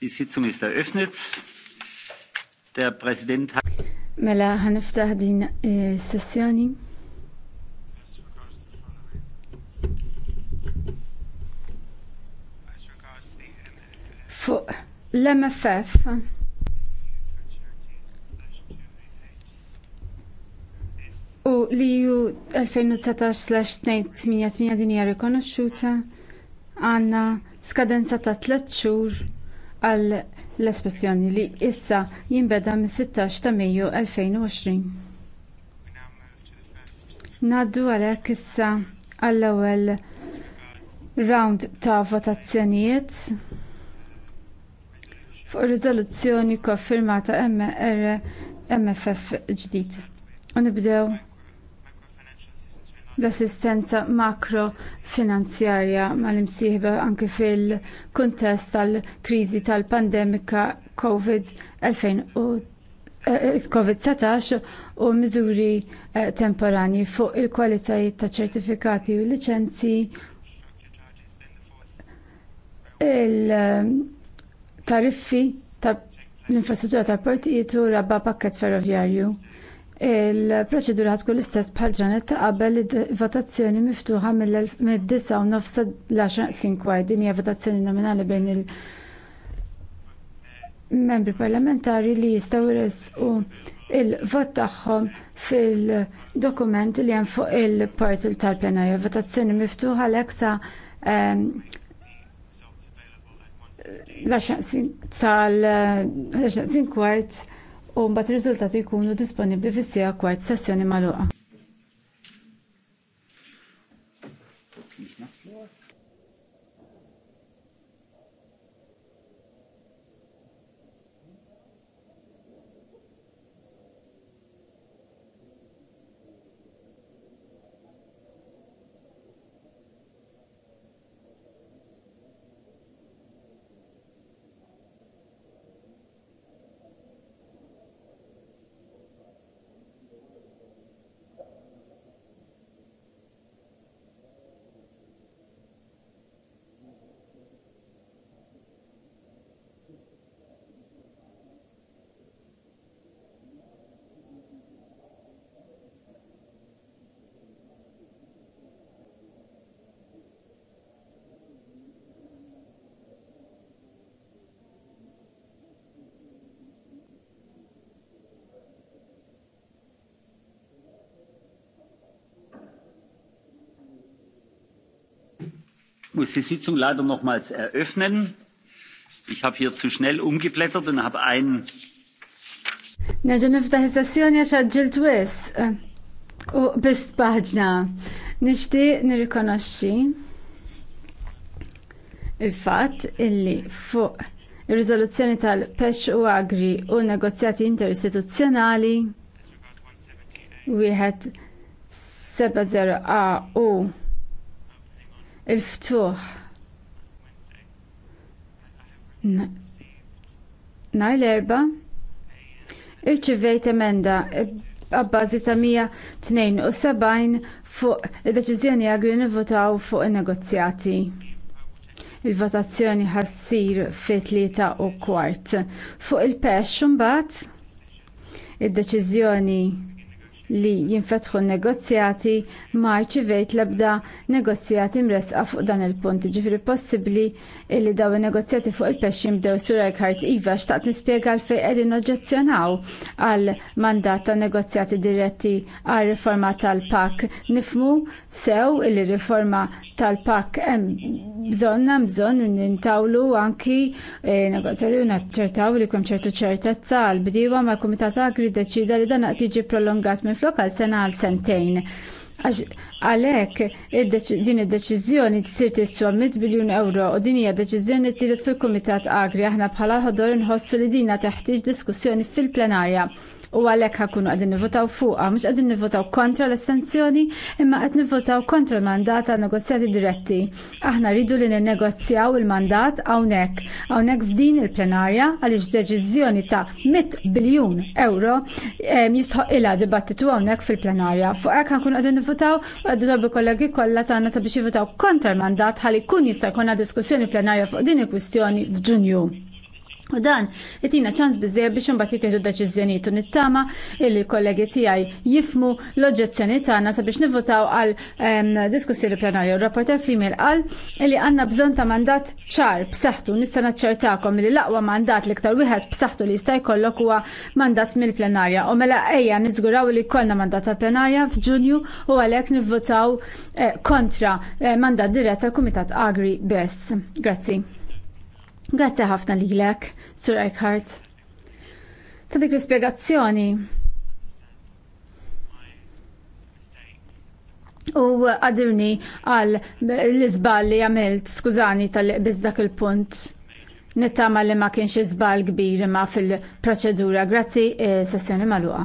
Die Sitzung ist eröffnet. Der Präsident hat Mela ħaniftaħ din eh, sessjoni. Fuq l-MFF u li ju 2019-288 din hija rikonoxxuta għandna skadenza ta' tliet xhur għal l-espressjoni li issa jinbeda mis 16 ta' Mejju 2020. Naddu għalhekk issa għall-ewwel round ta' votazzjonijiet fuq riżoluzzjoni konfirmata MFF ġdid. U nibdew l-assistenza makrofinanzjarja mal-imsieħba anke fil-kuntest tal-kriżi tal-pandemika COVID-19 eh, u miżuri eh, temporani fuq il-kwalitajiet ta' ċertifikati u liċenzji il-tariffi eh, tal-infrastruttura tal-portijiet u rabba pakket ferroviarju Il-proċedura tkun l-istess bħal ġranet ta' qabel votazzjoni miftuħa mill-9 u l-10 Din hija votazzjoni nominali bejn il-membri parlamentari li jistgħu jresqu il-vot tagħhom fil-dokument li hemm fuq il-portal tal-plenarja. Votazzjoni miftuħa għalhekk sa l-10 sal-10 kwart u mbagħad ir-riżultati jkunu disponibbli fis-sija kwart sessjoni magħluqa. muss die Sitzung leider nochmals eröffnen. Ich habe hier zu schnell umgeblättert und habe einen. Nerġa' niftaħ is-sessjoni għax għaġġilt wis. U bist paġna. Nixtieq nirrikonoxxi il-fatt illi fuq ir-riżoluzzjoni tal-Pex u Agri u negozjati interistituzzjonali wieħed 70A u il-ftuħ. Nar l-erba irċivejt emenda e, għabbażi ta' 172 fuq id-deċiżjoni għagri nivvotaw fuq in-negozjati. Il-votazzjoni ħassir fi tlieta u kwart. Fuq il-pesh bat id-deċiżjoni li jinfetħu n negozjati ma rċivejt l-ebda negozjati mresqa fuq dan il-punt. Ġifri possibli li daw negozjati fuq il pesċim mdew suraj kart Iva xtaqt nispiega l fej edin oġezzjonaw għal mandat ta' negozjati diretti għal riforma tal-PAK. Nifmu sew li riforma tal-PAK bżonna bżon nintawlu anki eh, negozjati u naċċertaw li kum ċertu ċertezza għal-bdiwa ma' kumitat Agri deċida li dan tiġi prolongat minn minflok għal sena għal sentejn. Għalek, din id-deċizjoni tsir tiswa 100 biljun euro u din hija deċizjoni t fil-Kumitat Agri aħna bħala ħodor nħossu li dina teħtieġ diskussjoni fil-plenarja u għalhekk ħakunu għadin nivotaw fuqha, mhux qegħdin nivvotaw kontra l-estensjoni, imma qed nivvotaw kontra l-mandat ta' negozjati diretti. Aħna rridu li ninnegozjaw il-mandat hawnhekk, hawnhekk f'din il-plenarja għaliex deċiżjoni ta' 100 biljun euro jistħoq ilha dibattitu hawnhekk fil-plenarja. Fuq hekk għadin nivotaw u għaddu dobbi kollegi kollha tagħna sabiex jivotaw kontra l-mandat ħalli kun jista' jkollna diskussjoni plenarja fuq din il-kwistjoni f'Ġunju. U dan, jtina ċans bizzej biex unbat jittieħdu deċizjoniet u nittama illi kollegi tijaj jifmu l-oġezzjoni tagħna sabiex nivvotaw għal ehm, diskussjoni plenarja. rapporter fl għal qal illi għandna bżonn ta' mandat ċar b'saħħtu nista' naċċertakom illi l-aqwa mandat l-iktar wieħed b'saħħtu li jista' jkollok huwa mandat mill-plenarja. U mela ejja niżguraw li kollna mandat tal-plenarja f'Ġunju u għalhekk nivvotaw eh, kontra eh, mandat dirett tal-Kumitat Agri Bess. Grazzi. Grazzi ħafna lilek, Sur Eckhart. Ta' dik l-ispjegazzjoni. U għadirni għal l-izbal li għamilt, skużani tal-biz dak il-punt. Nittama li ma kienx izbal kbir ma fil-proċedura. Grazzi, eh, sessjoni maluqa.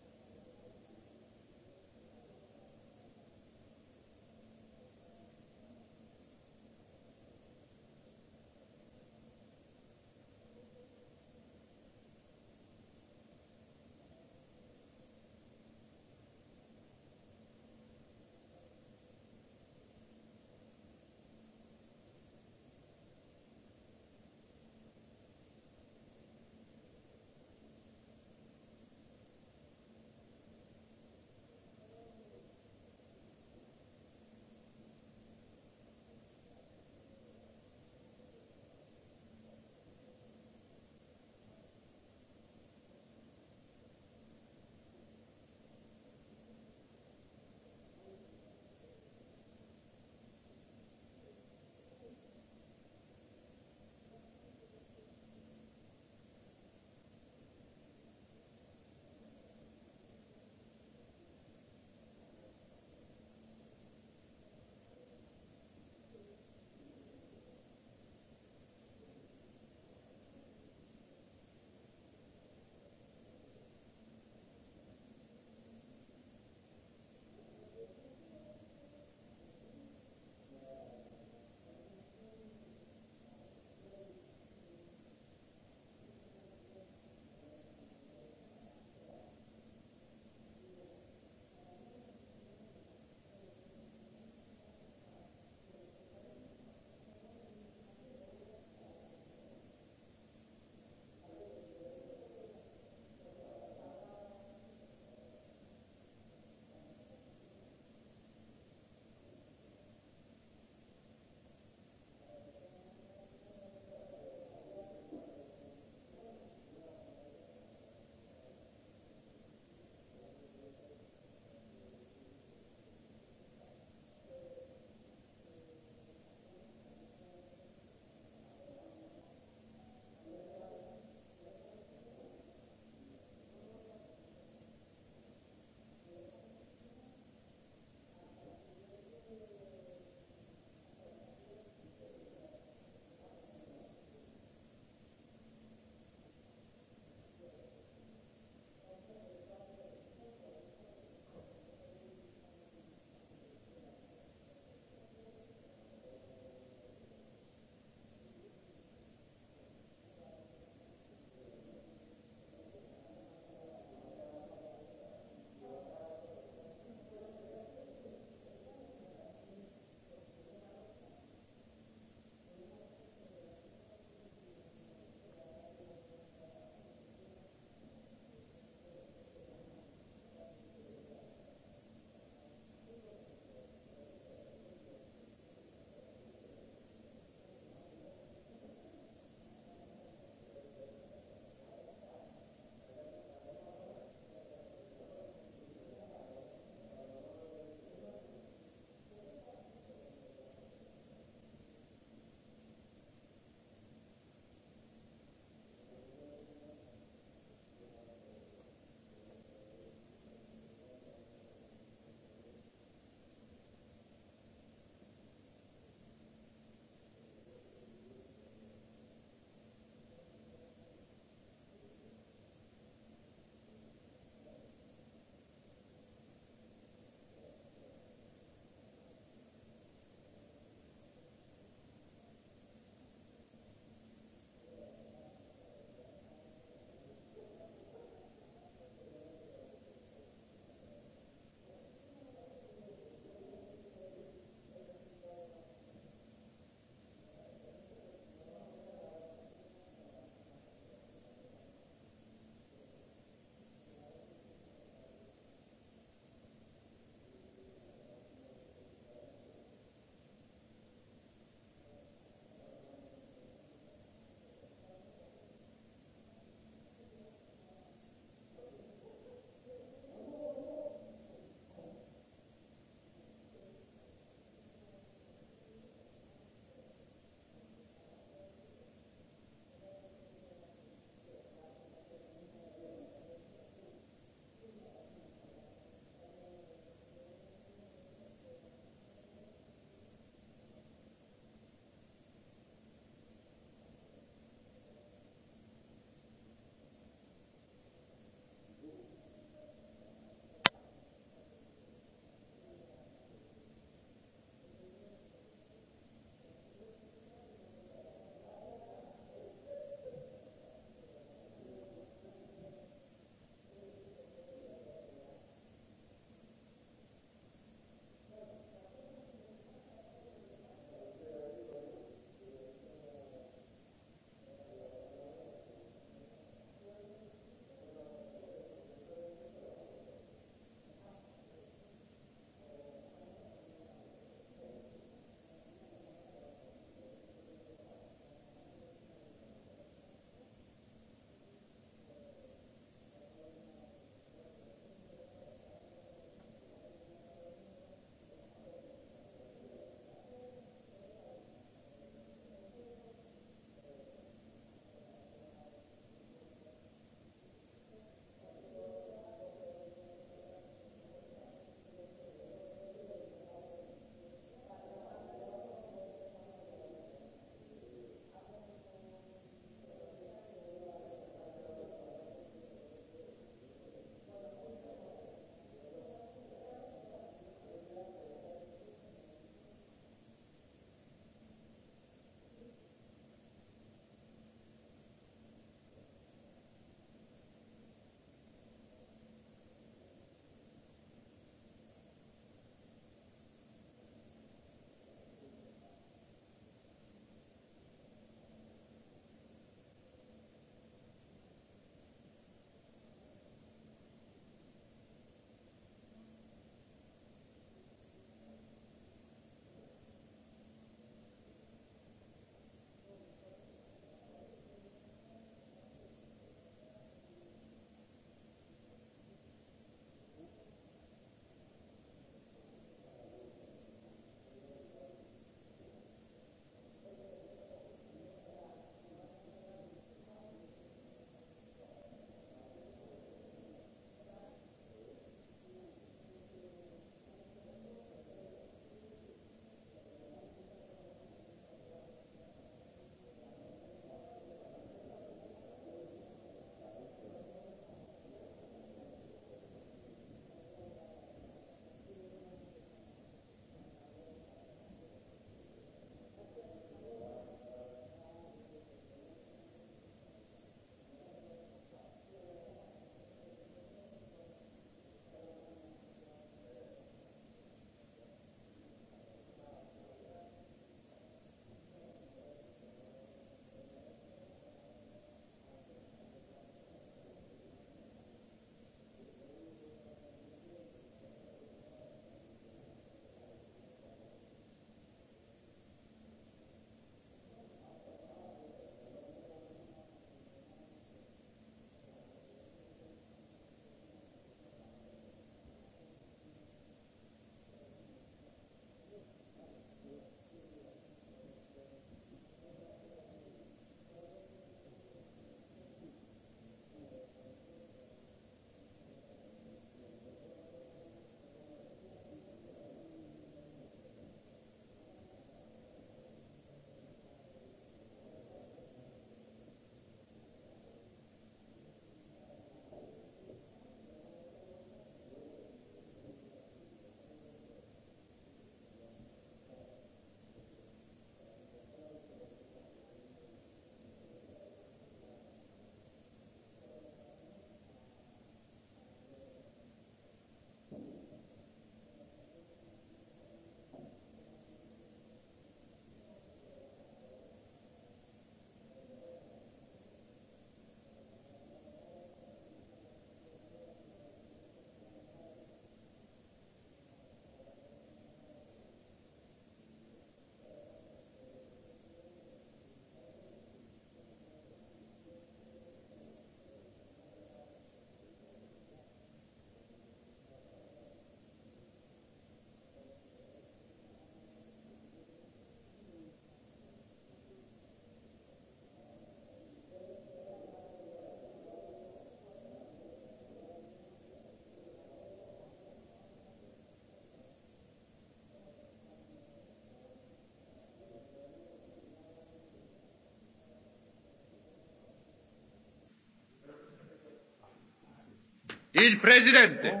Il-Presidente.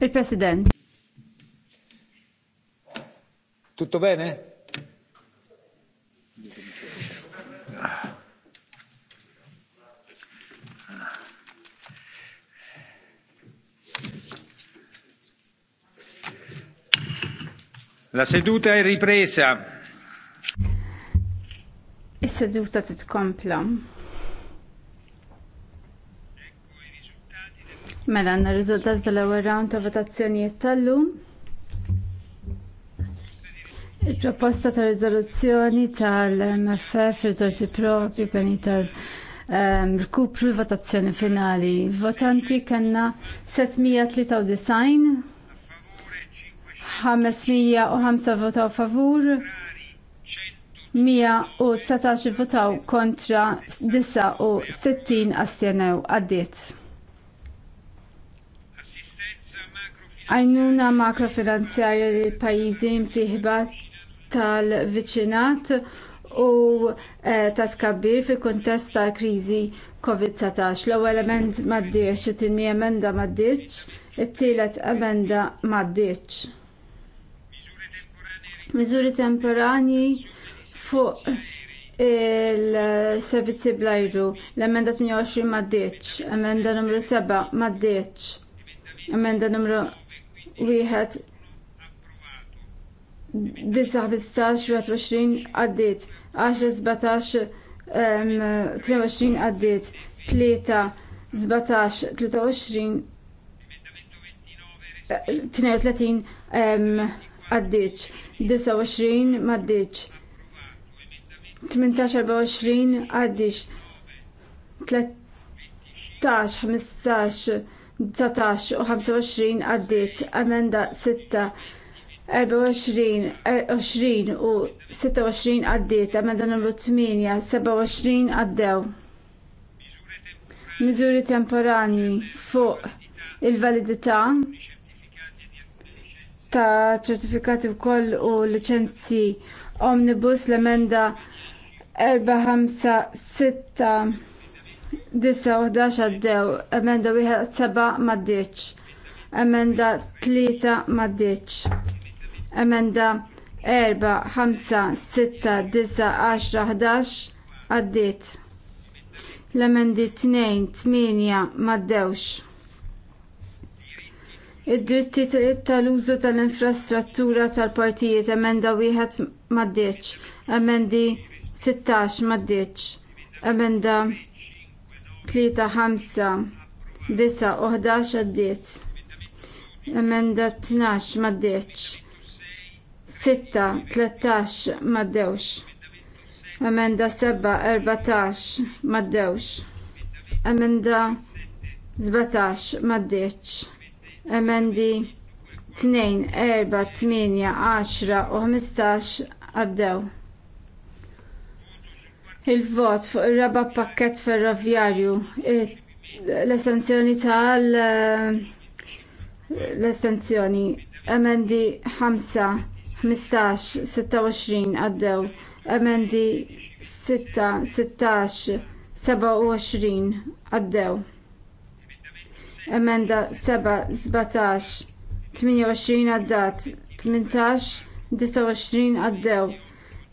Il-President. Tutto bene? La seduta è ripresa. Is-seduta titkompla. Mela għanna r tal-ewwel round ta' votazzjonijiet tal-lum. Il-proposta ta' riżoluzzjoni tal-MFF rizorsi propri beni tal-rkupru ehm, votazzjoni finali. Votanti kellna 793 505 votaw favur, 119 votaw kontra 69 astjenew għaddiet. għajnuna makrofinanzjarja li pajizi msiħba tal-viċinat u eh, ta' skabbir fil kontest tal kriżi COVID-19. L-ewwel element maddiċ, it-tieni emenda maddiċ, it-tielet emenda maddiċ. Miżuri temporani fuq il-servizzi blajru, l-emenda 28 maddiċ, emenda numru 7 maddiċ, emenda numru wieħed disa 15-20 għaddit, 10-17-23 għaddit, 3-17-23 għaddit, 29 maddit, 18-24 għaddit, 13-15 19 u 25 għaddiet emenda 6 24 20 u 26 għaddiet emenda numru 8 27 għaddew. Miżuri temporani fuq il-validità ta' ċertifikati wkoll u liċenzji omnibus l-emenda 456 Dissa u għaddew, emenda wieħed seba maddiċ, emenda tlieta maddiċ, emenda erba, ħamsa, sitta, disa, għaxra, ħdax, għaddiet. L-emendi tnejn, tminja, maddewx id-dritti tal-użu tal-infrastruttura tal-partijiet emenda wieħed maddiċ, emendi 16 maddiċ, emenda Tlieta ħamsa disa u għaddiet. Emenda tnax maddeċ. Sitta tlettax maddewx. Emenda 7 14 maddewx. Emenda 17 maddeċ. Emendi tnejn 4 8 għaxra u 15 għaddew il-vot fuq ir raba pakket ferroviarju, l-estensjoni tal eh, l-estensjoni emendi 5, 15, 26 għaddew, emendi 6, 16, 27 għaddew. Emenda 7, 17, 28 għaddat, 18, 29 għaddew.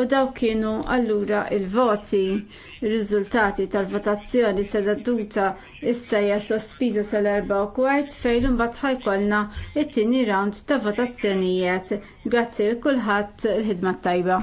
u daw kienu allura il-voti. Ir-riżultati tal-votazzjoni se sedaduta issa sospiża sal-4 kwart fejn imbagħad ħajkolna t-tieni round ta' votazzjonijiet. Grazzi l kulħadd il-ħidma tajba.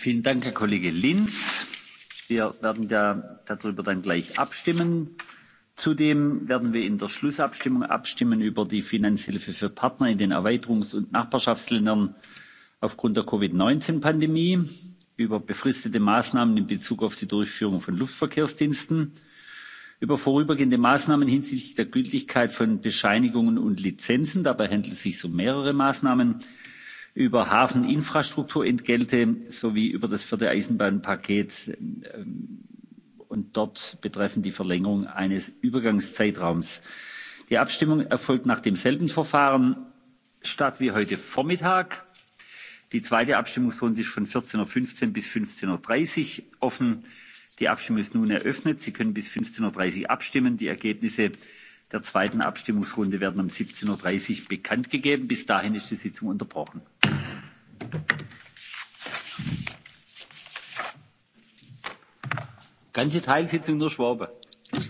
Vielen Dank, Herr Kollege Linz. Wir werden da, darüber dann gleich abstimmen. Zudem werden wir in der Schlussabstimmung abstimmen über die Finanzhilfe für Partner in den Erweiterungs- und Nachbarschaftsländern aufgrund der Covid-19-Pandemie, über befristete Maßnahmen in Bezug auf die Durchführung von Luftverkehrsdiensten, über vorübergehende Maßnahmen hinsichtlich der Gültigkeit von Bescheinigungen und Lizenzen. Dabei handelt es sich um mehrere Maßnahmen über Hafeninfrastrukturentgelte sowie über das vierte Eisenbahnpaket ähm, und dort betreffend die Verlängerung eines Übergangszeitraums. Die Abstimmung erfolgt nach demselben Verfahren statt wie heute Vormittag. Die zweite Abstimmungsrunde ist von 14.15 Uhr bis 15.30 Uhr offen. Die Abstimmung ist nun eröffnet. Sie können bis 15.30 Uhr abstimmen. Die Ergebnisse der zweiten Abstimmungsrunde werden um 17.30 Uhr bekannt gegeben. Bis dahin ist die Sitzung unterbrochen. Ganze Teilsitzung nur Schwabe.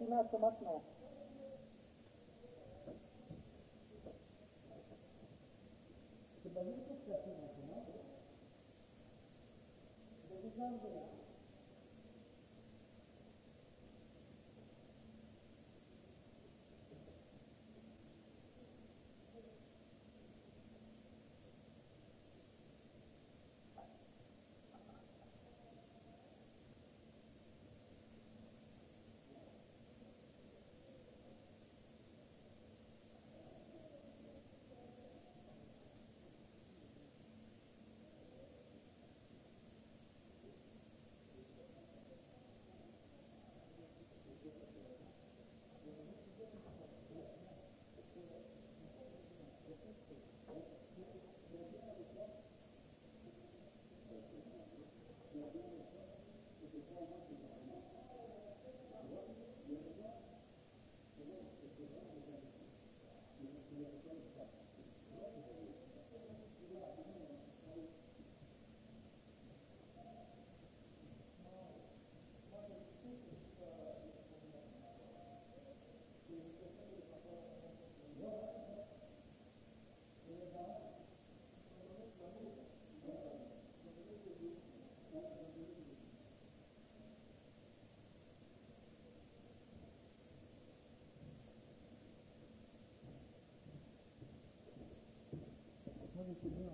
estimato maintenant. C'est pas juste pour faire maintenant. Je vous en Thank you.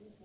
Thank you.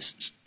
scientists.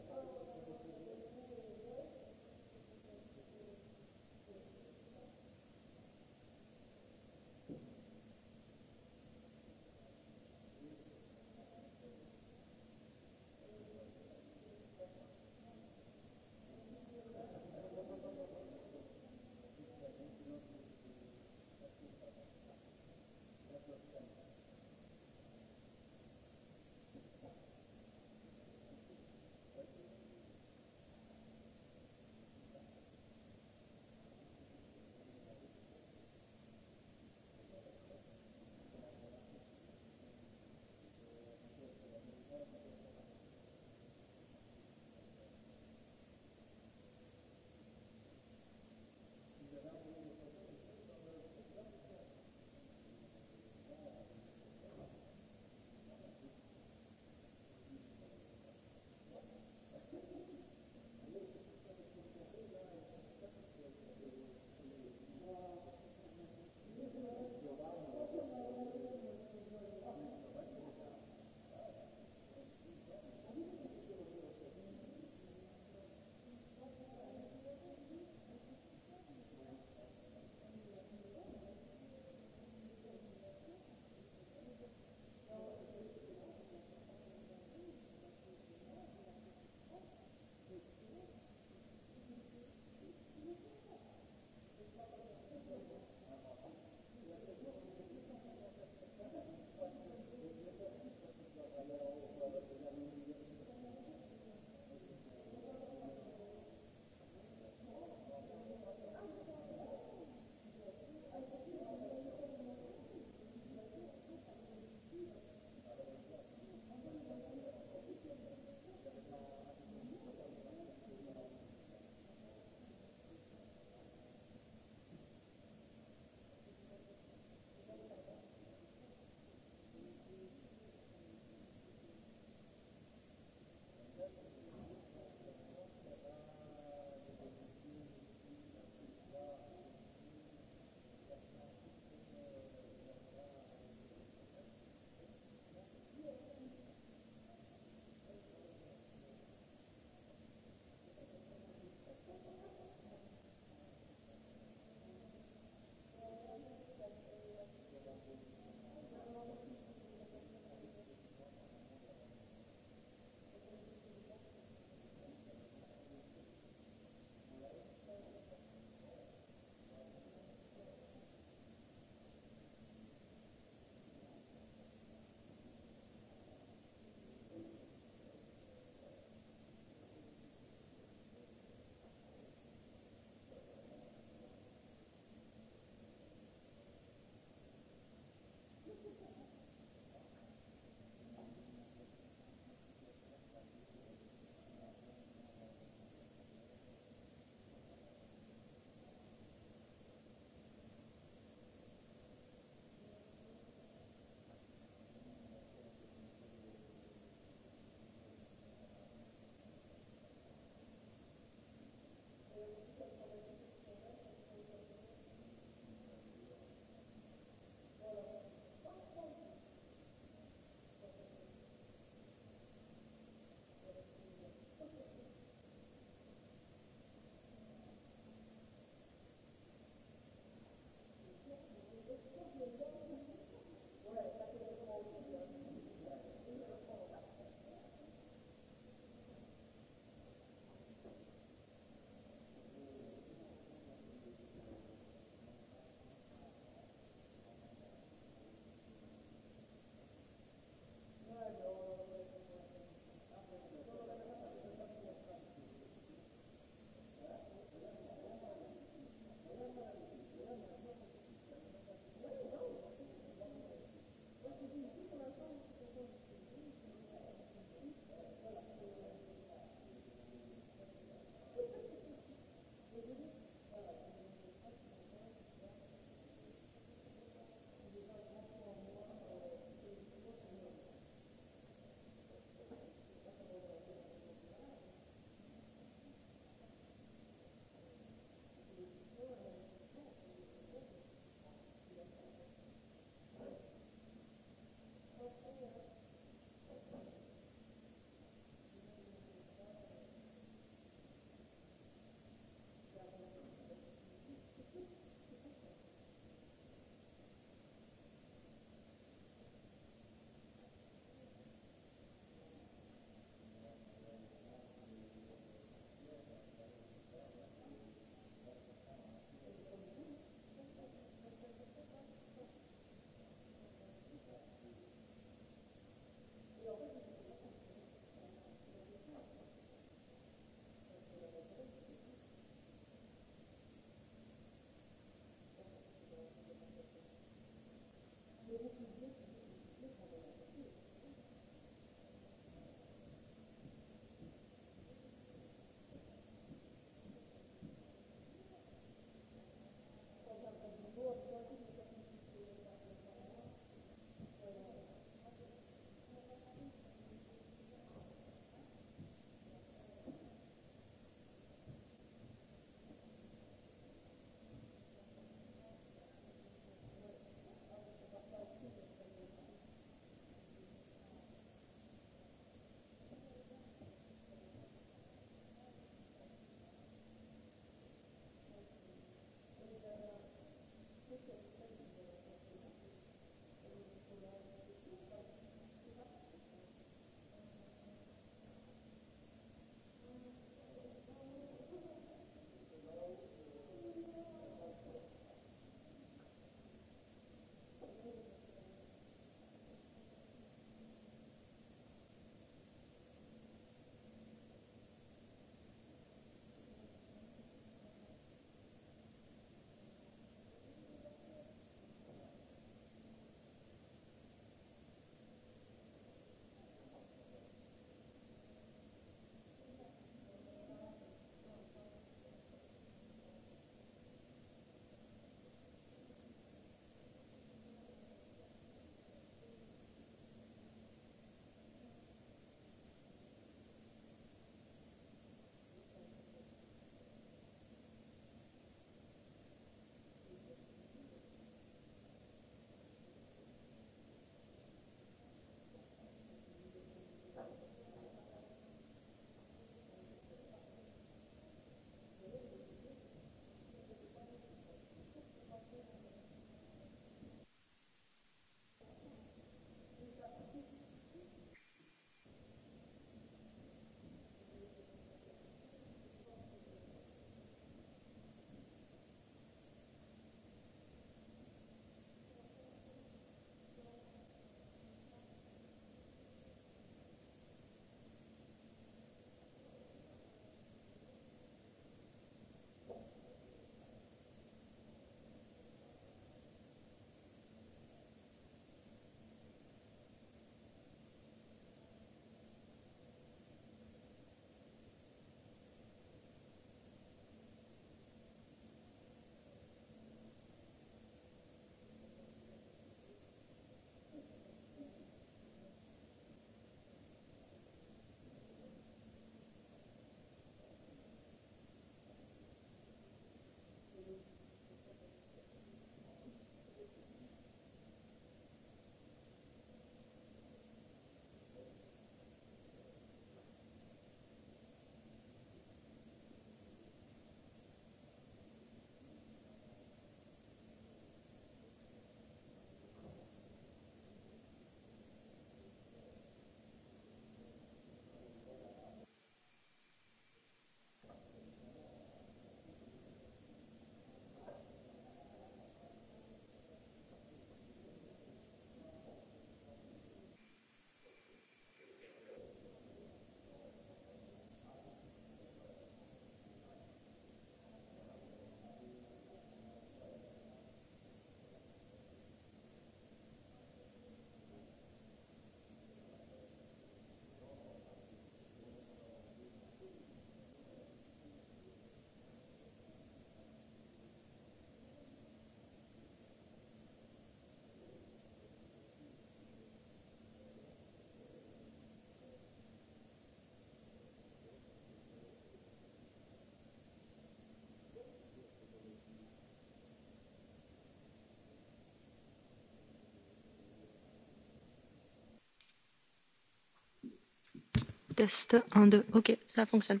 test 1, Ok, ça fonctionne.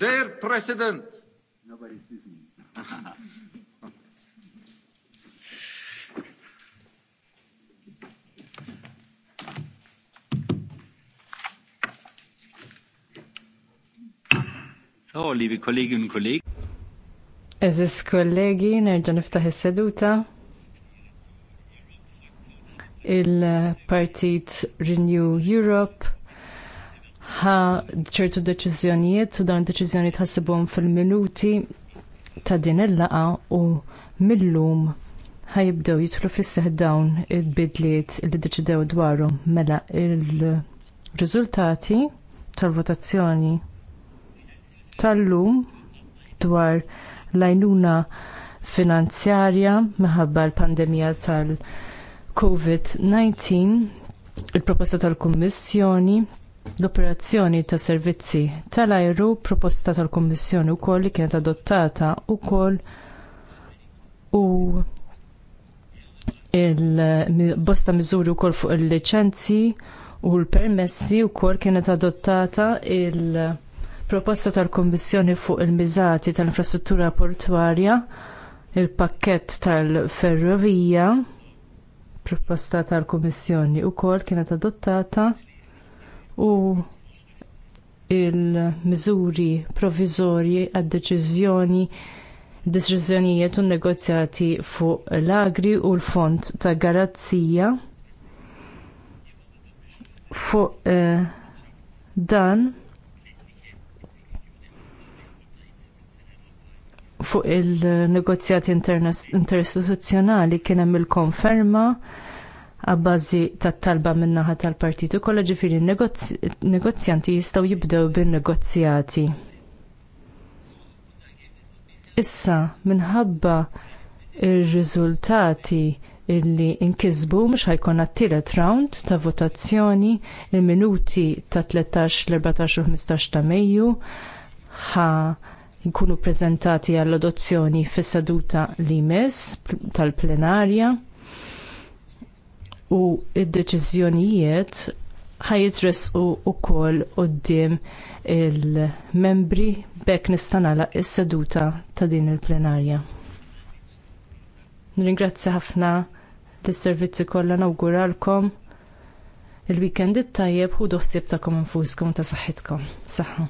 Dear President. Nobody's listening. So, liebe Kolleginnen und Kollegen. Eżis kollegi, nerġa' niftaħ is-seduta. Il-Partit Renew Europe ħa ċertu deċiżjonijiet u dawn deċiżjonijiet ħassibhom fil-minuti ta' din il-laqa u millum ħajibdew jitlu fis dawn il-bidliet li deċidew dwarhom mela il-riżultati tal-votazzjoni tal-lum dwar l-għajnuna finanzjarja minħabba l-pandemija tal-COVID-19, il-proposta tal-Kummissjoni L-operazzjoni ta' servizzi tal-ajru proposta tal-Kommissjoni wkoll li kienet adottata wkoll u il-bosta miżuri wkoll fuq il-liċenzji u l-permessi wkoll kienet adottata il- proposta tal-Kommissjoni fuq il-miżati tal-infrastruttura portwarja, il-pakket tal-ferrovija, proposta tal-Kommissjoni u kienet adottata u il-miżuri provizorji għad-deċiżjoni deċiżjonijiet u negozjati fuq l-agri u l-fond ta' garanzija fuq eh, dan fuq il-negozjati interistituzzjonali kien hemm il-konferma il konferma għabbażi tat-talba min-naħa tal-partitu kollha ġifieri negozjanti jistgħu jibdew bin-negozjati. Issa minħabba r riżultati li illi inkisbu mhux ħajkun għat-tielet round ta' votazzjoni il-minuti ta' 13, 14 u 15 ta' Mejju ħa jkunu ppreżentati għall-adozzjoni fis-seduta li jmiss tal-plenarja u id-deċiżjonijiet ħajitresqu wkoll quddiem il-membri b'hekk nista' nagħlaq is-seduta ta' din il-plenarja. Nringrazzja ħafna lis servizzi kollha nawguralkom il-weekend it-tajjeb u doħsib takom infuskom ta' saħħitkom. Saħħa.